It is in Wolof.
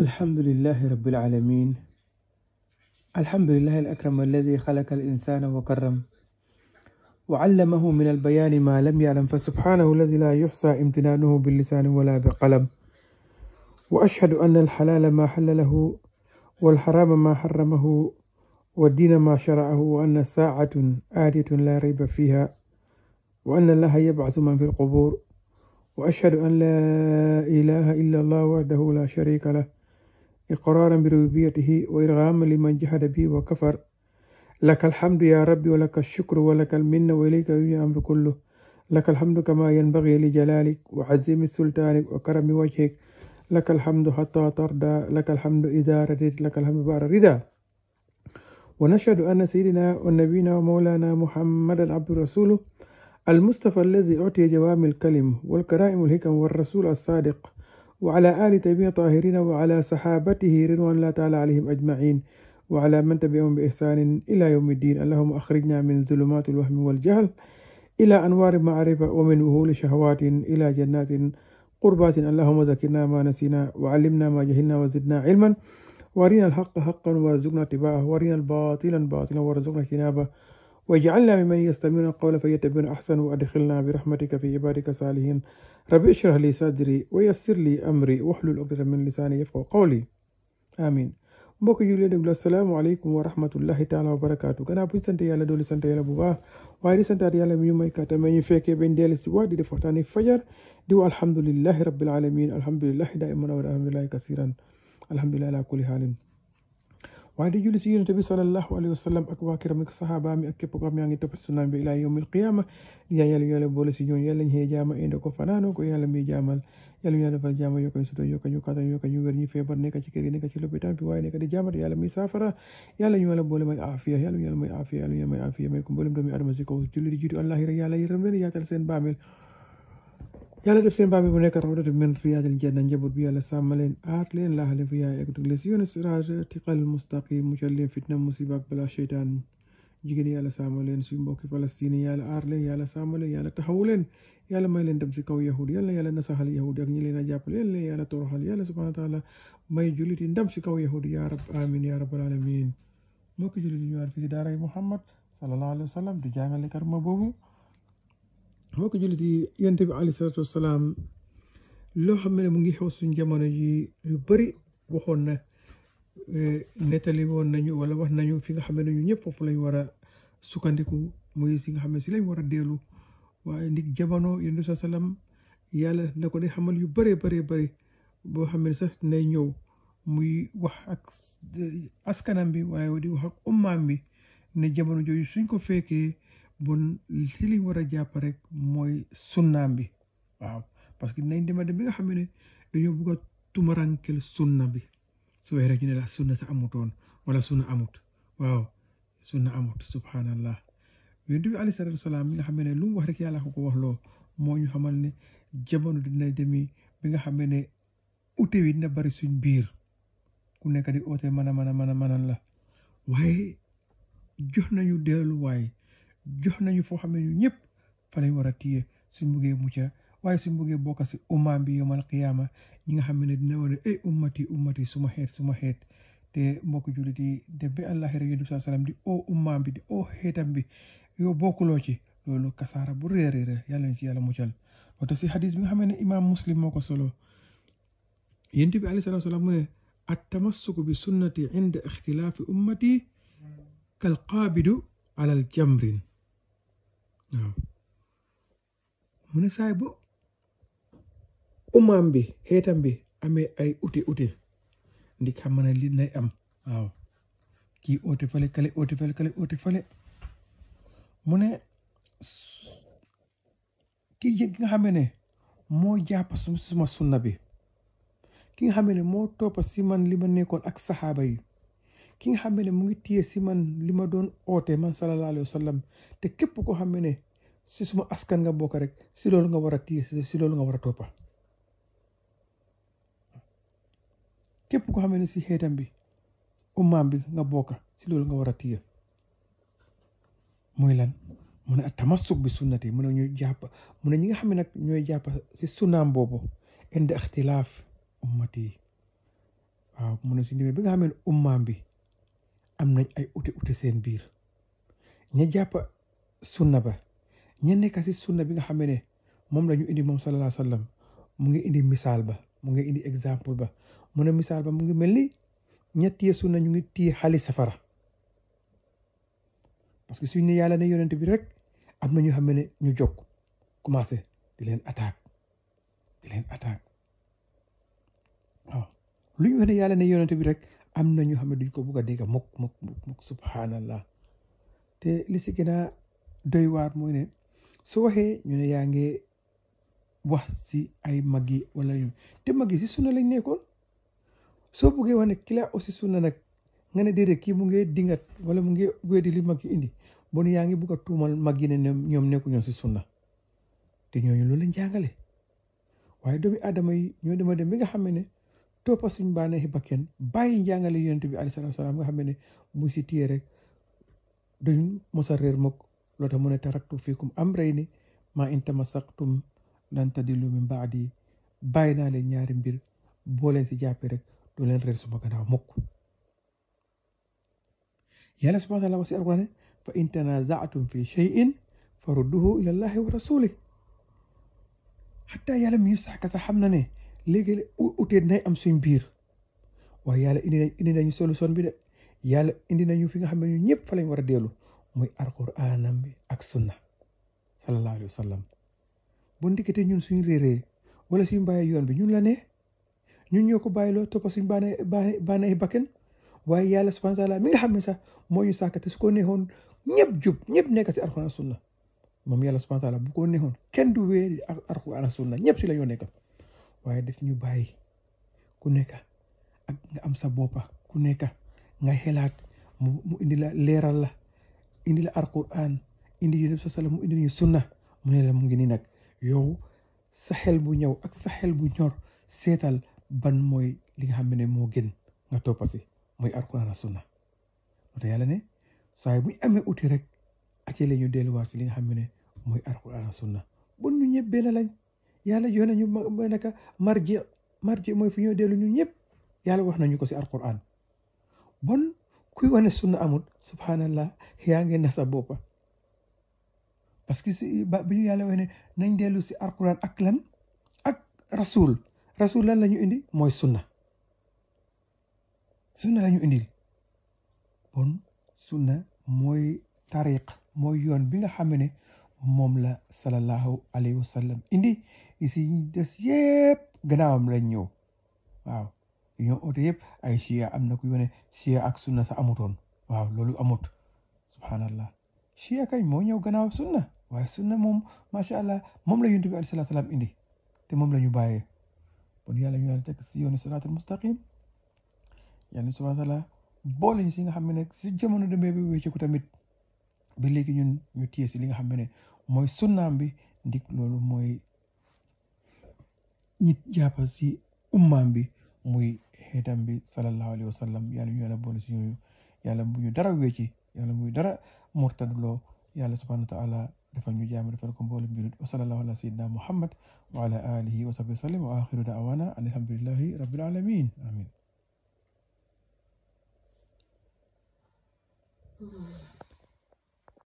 الحمد لله رب العالمين الحمد لله الأكرم الذي خلق الإنسان وكرم وعلمه من البيان ما لم يعلم فسبحانه الذي لا يحصى امتنانه باللسان ولا بقلم وأشهد أن الحلال ما حلله والحرام ما حرمه والدين ما شرعه وأن ساعة آتية لا ريب فيها وأن الله يبعث من في القبور وأشهد أن لا إله إلا الله وحده لا شريك له إقرارا بربوبيته وإرغاما لمن جحد به وكفر لك الحمد يا رب ولك الشكر ولك المنة وإليك يجي الأمر كله لك الحمد كما ينبغي لجلالك وعزيم سلطانك وكرم وجهك لك الحمد حتى ترضى لك الحمد إذا رديت لك الحمد بعد الرضا ونشهد أن سيدنا ونبينا ومولانا محمدا عبد رسوله المصطفى الذي أعطي جوامع الكلم والكرائم الحكم والرسول الصادق وعلى آل تيمية طاهرين وعلى صحابته رضوان الله تعالى عليهم أجمعين وعلى من تبعهم بإحسان إلى يوم الدين اللهم أخرجنا من ظلمات الوهم والجهل إلى أنوار المعرفة ومن وهول شهوات إلى جنات قربات اللهم ذكرنا ما نسينا وعلمنا ما جهلنا وزدنا علما وارنا الحق حقا وارزقنا اتباعه وارنا الباطلا باطلا وارزقنا اجتنابه واجعلنا ممن يستمعون القول فيتبعون أحسنه وأدخلنا برحمتك في عبادك الصالحين رب اشرح لي صدري ويسر لي أمري واحلل عقدة من لساني يفقه قولي آمين mbokk yi leen déglu asalaamaaleykum wa rahmatullahi taala wa barakaatu gannaaw bu ñu sant yàlla doolu sant yàlla bu baax waaye di santaat yàlla mi ñu may kàttan ma ñu fekkee bañ dellu si waat di def waxtaani fajar di wa alhamdulillahi rabbil alamin alhamdulillahi daiman wa alhamdulillahi kasiran alhamdulillahi ala kulli haalin waaye di julli si yonent bi sallallahu alayhi wa sallam ak waa kiram ak ak képp yaa ngi topp sunnaam bi ilaa yawmil qiyaama di ñaan mi jaamal yàlla ñu yàlla defal jaama yokk ñu sutura yokk ñu kattan yokk ñu ñu feebar nekk ci kër yi nekk ci lopitaan bi waaye nekk di jaamat yàlla mi saafara yàlla ñu yàlla may aafiya yàlla ñu ñu yàlla may aafiya yàlla def seen baabi bu nekk rawdatu min riyaadil janna njaboot bi yàlla sàmm leen aar leen laaxale fu yaay ak dugle si yoonu siraatikal mustaqim muccal leen fitna musiba ak bala seytaan jigéen yàlla sàmm leen suñu mbokki Palestine yàlla aar leen yàlla sàmm leen may leen dem si kaw yahud yàlla yàlla nasaxal yahud ak a may jullit yi ndam si kaw yaa rab amin yaa rabbal alamin mbokki jullit yi ñëwaat fi si daaray Muhammad sallallahu alayhi wa sallam di jàngalekat ma moo ko jullit yi yonent bi alayhi salaatu wasalaam loo xam ne mu ngi xew suñ jamono ji yu bari waxoon na eh, nettali woon nañu wala wax nañu fi nga xam ne ñu ñëpp foofu lañ war a sukkandiku muy si nga xam ne si lañ war a deelu waaye ndig jamono yonent bi salaam yàlla na ko day xamal yu bëree bari bari boo xam ne sax nay ñëw muy wax ak eh, askanam bi waaye di wax ak ne jamono jooyu suñ ko fekkee bon si liñ war a jàpp rek mooy sunnaam bi waaw parce que nañ dema dem nga xam ne dañoo bugg a tumarankel bi su waxee rek ñu ne la amutoon wala sunna amut waaw sunna amut subhanallah yonent bi aleyhi salaatu wasalaam nga xam ne lu mu wax rek yàlla ko ko wax moo ñu xamal ne jamono dina demi bi nga xam ne ute wi dina bari suñ biir ku nekk di oote mën a mën a mën a mën la waaye jox nañu delluwaay jox nañu foo xam ne ñu ñëpp fa lañ war a téye suñ buggee mucca waaye suñ buggee bokk si ummaam bi yawmal qiyaama ñi nga xam ne dina war a ay ummati ummati suma xeet suma xeet te mbokk jullit yi dem ba àllaaxira yonent bi salaam di oo ummaam bi di oo xeetam bi yow bokkuloo ci loolu kasaara bu réeréer yàlla na ci yàlla muccal wata si xadis bi nga xam ne imaam muslim moo ko solo yonent bi alayhi salaatu salaam mu ne attamassuku bi sunnati inda ixtilaafi ummati kal qaabidu alal mune sai bo umam be hetam be ame ay ute ute ndi kam mana linnay am aw ki ote fale kale ote fale kale ote fale mune ki yeg nga xamene mo japp sum suma sunna be ki nga xamene mo topa siman liman nekon ak sahaba yi ki nga xam ne mu ngi téye si man li ma doon oote man sallallahu alayhi wa sallam te képp koo xam ne si suma askan nga bokk rek si loolu nga war a téye si loolu nga war a toppa képp koo xam ne si xeetam bi ummaam bi nga bokk si loolu nga war a téye mooy lan mu ne tamassuk bi sunnati mu ne ñuy jàpp mu ne ñi nga xam ne nag ñooy jàpp si sunnaam boobu indi ixtilaaf ummati waaw mu ne si demee bi nga xam ne ummaam bi am nañ ay uti uti seen biir ñu jàpp sunna ba ña nekk si sunna bi nga xam ne moom lañu indi moom sallallahu alayhi wa mu ngi indi misaal ba mu ngi indi exemple ba mu ne misaal ba mu ngi mel ni ña téye sunna ñu ngi téye xale safara parce que suñ yàlla ne yonent bi rek am na ñu xam ne ñu jóg commencé leen attaque di leen attaque waaw ne yàlla bi rek am na ñoo xam ne duñ ko bugg a dégg mukk mukk mukk mukk subhanallah te li si gën a doy waar mooy ne su waxee ñu ne yaa ngi wax si ay mag yi wala ñu te si sunna lañ nekkoon soo buggee wax ne kila aussi sunna nag nga ne déedéet kii mu ngi dingat wala mu ngi li mag yi indi bon yaa ngi bugg a mag yi ñoom nekku ñoom si sunna te ñooñu loolu lañ jàngale waaye doomi aadama ñoo dema dem bi nga xam ne toppa suñ bànneexi bakken bàyyi njàngale yonent bi aleyhi salaatu wa salaam nga xam ne mu si téye rek duñ mos a réer mukk loo tax mu ne taraktu fiikum amrayni maa in tamassaktum lan tadillu min baadi bàyyi naa leen ñaari mbir boo leen si jàppee rek doo leen réer suma gannaaw mukk yàlla subhaanahu wa taala wax si alquraan ne fa in tanazaatum fi cheyin farudduhu ila allahi wa rasulih xataa yàlla mi ñu sax kasa xam na ne léegi utee nay am suñ biir waaye yàlla indi nañ indi nañu solution bi de yàlla indi nañu fi nga xam ne ñu ñëpp fa lañ war a dellu muy alquraanam bi ak sunna sallallahu alayhi wa sallam bu ndikkatee ñun suñ réeree wala suñ bàyyi yoon bi ñun la ne ñun ñoo ko bàyyiloo toppa suñ baana baana ay bakken waaye yàlla subhaanahu wa taala mi nga xam ne sax mooy ñu sàkkate su ko neexoon ñëpp jub ñëpp nekk si alquraan sunna moom yàlla subhaanahu wa taala bu ko neexoon kenn du wee alquraan sunna ñëpp si la ñoo nekk waaye daf ñu bàyyi ku nekk ak nga am sa boppa ku nekk nga xelaat mu indi la leeral la indi la alquran indi yu neb sa sala mu indi ñu sunna mu ne la mu ngi nii nag yow sa xel bu ñëw ak sa xel bu ñor seetal ban mooy li nga xam ne moo gën nga toppasi mooy alquran ak sunna wata yàlla ne saay buñ amee uti rek acee la ñu delluwaat si li nga xam ne mooy alquran ak sunna bon ñu ñëpp benn lañ yàlla yónnee ñu ma naka marji marji mooy fu ñoo dellu ñun ñëpp yàlla wax nañu ko si alquran bon kuy wane sunna amul subhanallah yaa ngi nasa boppa parce que si ba ñu yàlla wax ne nañ dellu si alquran ak lan ak rasuul rasul lan la ñu indi mooy sunna sunna lañu indi indil bon sunna mooy tariq mooy yoon bi nga xam ne moom la sallallahu alayhi wa sallam indi isi des yëpp gannaawam lañ ñëw waaw ñoo oote yëpp ay chia am na ku ñu ne ak sunna sa amutoon waaw loolu amut subhanallah chia kañ moo ñëw gannaaw sunna waaye sunna moom macha allah moom la yonent bi alayhi salaatu indi te moom la ñu bàyyee bon yàlla ñu yàlla teg si yoonu siraatal mustaqim yàlla subhanahu wa taala boole si nga xam ne nag si jamono demee ba wécceeku tamit ba léegi ñun ñu téye si li nga xam ne mooy sunnaam bi ndik loolu mooy ñi jàpp si ummaam bi muy xeetam bi sallallahu alayhi wa sallam yàlla ñu yàlla boole si ñooñu yàlla bu ñu dara wécci yàlla muy dara murtadloo yàlla subhanahu wa taala defal ñu jaam defal ko mboolem julit wa sallallahu ala sayyidina muhammad wa ala alihi wa sahbihi daawana amin hmm.